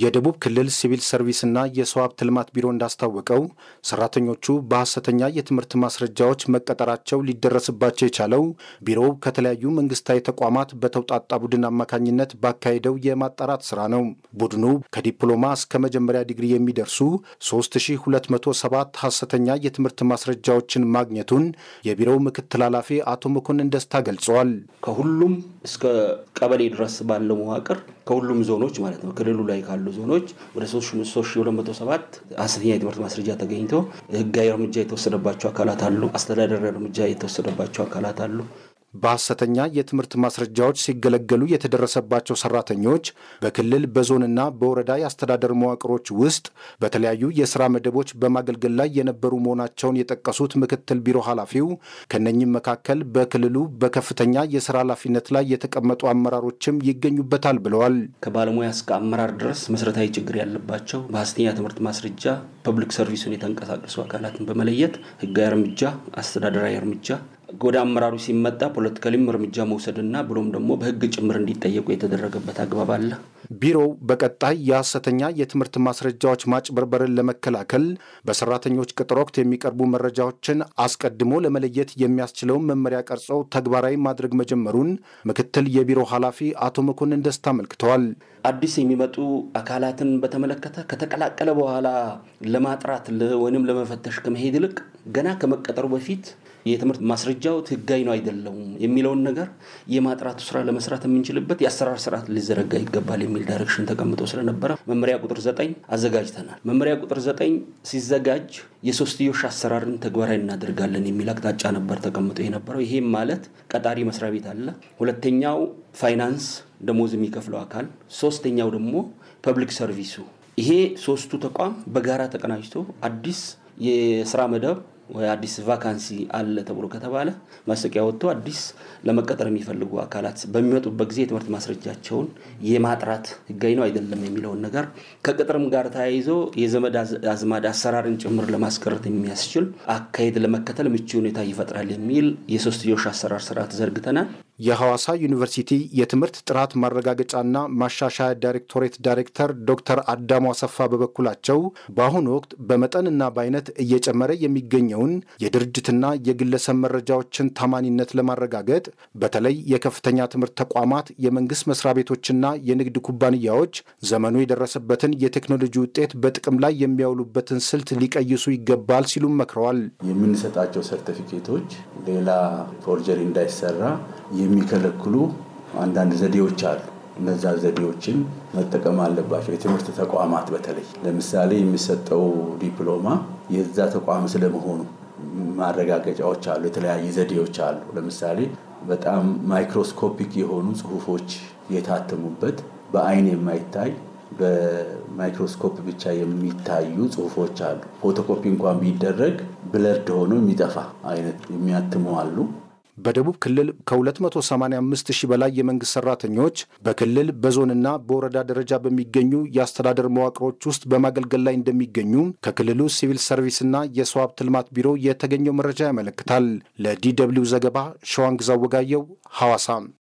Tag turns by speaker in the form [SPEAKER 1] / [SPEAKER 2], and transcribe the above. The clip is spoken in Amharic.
[SPEAKER 1] የደቡብ ክልል ሲቪል ሰርቪስና የሰው ሀብት ልማት ቢሮ እንዳስታወቀው ሰራተኞቹ በሐሰተኛ የትምህርት ማስረጃዎች መቀጠራቸው ሊደረስባቸው የቻለው ቢሮው ከተለያዩ መንግስታዊ ተቋማት በተውጣጣ ቡድን አማካኝነት ባካሄደው የማጣራት ስራ ነው። ቡድኑ ከዲፕሎማ እስከ መጀመሪያ ዲግሪ የሚደርሱ 3207 ሐሰተኛ የትምህርት ማስረጃዎችን ማግኘቱን የቢሮው ምክትል ኃላፊ አቶ መኮንን ደስታ ገልጸዋል። ከሁሉም እስከ ቀበሌ ድረስ ባለው መዋቅር ከሁሉም ዞኖች ማለት ነው ክልሉ ላይ ካሉ
[SPEAKER 2] ያሉ ዞኖች ወደ 3207 ሐሰተኛ የትምህርት ማስረጃ ተገኝቶ ህጋዊ እርምጃ
[SPEAKER 1] የተወሰደባቸው አካላት አሉ። አስተዳደር እርምጃ የተወሰደባቸው አካላት አሉ። በሐሰተኛ የትምህርት ማስረጃዎች ሲገለገሉ የተደረሰባቸው ሰራተኞች በክልል በዞንና በወረዳ የአስተዳደር መዋቅሮች ውስጥ በተለያዩ የስራ መደቦች በማገልገል ላይ የነበሩ መሆናቸውን የጠቀሱት ምክትል ቢሮ ኃላፊው ከነኚህም መካከል በክልሉ በከፍተኛ የስራ ኃላፊነት ላይ የተቀመጡ አመራሮችም ይገኙበታል ብለዋል። ከባለሙያ እስከ አመራር ድረስ
[SPEAKER 2] መሰረታዊ ችግር ያለባቸው በሐሰተኛ ትምህርት ማስረጃ ፐብሊክ ሰርቪሱን የተንቀሳቀሱ አካላትን በመለየት ህጋዊ እርምጃ፣ አስተዳደራዊ እርምጃ ወደ አመራሩ ሲመጣ ፖለቲካሊም እርምጃ
[SPEAKER 1] መውሰድና ብሎም ደግሞ በህግ ጭምር እንዲጠየቁ የተደረገበት አግባብ አለ። ቢሮው በቀጣይ የሐሰተኛ የትምህርት ማስረጃዎች ማጭበርበርን ለመከላከል በሰራተኞች ቅጥር ወቅት የሚቀርቡ መረጃዎችን አስቀድሞ ለመለየት የሚያስችለውን መመሪያ ቀርጾ ተግባራዊ ማድረግ መጀመሩን ምክትል የቢሮ ኃላፊ አቶ መኮንን ደስታ አመልክተዋል። አዲስ የሚመጡ
[SPEAKER 2] አካላትን በተመለከተ ከተቀላቀለ በኋላ ለማጥራት ወይም ለመፈተሽ ከመሄድ ይልቅ ገና ከመቀጠሩ በፊት የትምህርት ማስረጃው ህጋዊ ነው አይደለውም የሚለውን ነገር የማጥራቱ ስራ ለመስራት የምንችልበት የአሰራር ስርዓት ሊዘረጋ ይገባል የሚል ዳይሬክሽን ተቀምጦ ስለነበረ መመሪያ ቁጥር ዘጠኝ አዘጋጅተናል። መመሪያ ቁጥር ዘጠኝ ሲዘጋጅ የሶስትዮሽ አሰራርን ተግባራዊ እናደርጋለን የሚል አቅጣጫ ነበር ተቀምጦ የነበረው። ይሄም ማለት ቀጣሪ መስሪያ ቤት አለ፣ ሁለተኛው ፋይናንስ ደሞዝ የሚከፍለው አካል፣ ሶስተኛው ደግሞ ፐብሊክ ሰርቪሱ። ይሄ ሶስቱ ተቋም በጋራ ተቀናጅቶ አዲስ የስራ መደብ አዲስ ቫካንሲ አለ ተብሎ ከተባለ ማስጠቂያ ወጥቶ አዲስ ለመቀጠር የሚፈልጉ አካላት በሚመጡበት ጊዜ የትምህርት ማስረጃቸውን የማጥራት ህጋዊ ነው አይደለም የሚለውን ነገር ከቅጥርም ጋር ተያይዞ የዘመድ አዝማድ አሰራርን ጭምር ለማስቀረት የሚያስችል
[SPEAKER 1] አካሄድ ለመከተል ምቹ ሁኔታ ይፈጥራል የሚል የሶስትዮሽ አሰራር ስርዓት ዘርግተናል። የሐዋሳ ዩኒቨርሲቲ የትምህርት ጥራት ማረጋገጫና ማሻሻያ ዳይሬክቶሬት ዳይሬክተር ዶክተር አዳሙ አሰፋ በበኩላቸው በአሁኑ ወቅት በመጠንና በአይነት እየጨመረ የሚገኘውን የድርጅትና የግለሰብ መረጃዎችን ታማኒነት ለማረጋገጥ በተለይ የከፍተኛ ትምህርት ተቋማት፣ የመንግስት መስሪያ ቤቶችና የንግድ ኩባንያዎች ዘመኑ የደረሰበትን የቴክኖሎጂ ውጤት በጥቅም ላይ የሚያውሉበትን ስልት ሊቀይሱ ይገባል ሲሉም መክረዋል።
[SPEAKER 3] የምንሰጣቸው ሰርቲፊኬቶች ሌላ ፎርጀሪ እንዳይሰራ የሚከለክሉ አንዳንድ ዘዴዎች አሉ። እነዛ ዘዴዎችን መጠቀም አለባቸው። የትምህርት ተቋማት በተለይ ለምሳሌ የሚሰጠው ዲፕሎማ የዛ ተቋም ስለመሆኑ ማረጋገጫዎች አሉ። የተለያዩ ዘዴዎች አሉ። ለምሳሌ በጣም ማይክሮስኮፒክ የሆኑ ጽሁፎች የታተሙበት በአይን የማይታይ በማይክሮስኮፕ ብቻ የሚታዩ ጽሁፎች አሉ። ፎቶኮፒ እንኳን ቢደረግ ብለርድ ሆኖ የሚጠፋ አይነት የሚያትሙ አሉ። በደቡብ ክልል ከ285
[SPEAKER 1] ሺህ በላይ የመንግሥት ሠራተኞች በክልል በዞንና በወረዳ ደረጃ በሚገኙ የአስተዳደር መዋቅሮች ውስጥ በማገልገል ላይ እንደሚገኙ ከክልሉ ሲቪል ሰርቪስና የሰው ሀብት ልማት ቢሮ የተገኘው መረጃ ያመለክታል። ለዲ ደብልዩ ዘገባ ሸዋንግዛ ወጋየው ሐዋሳም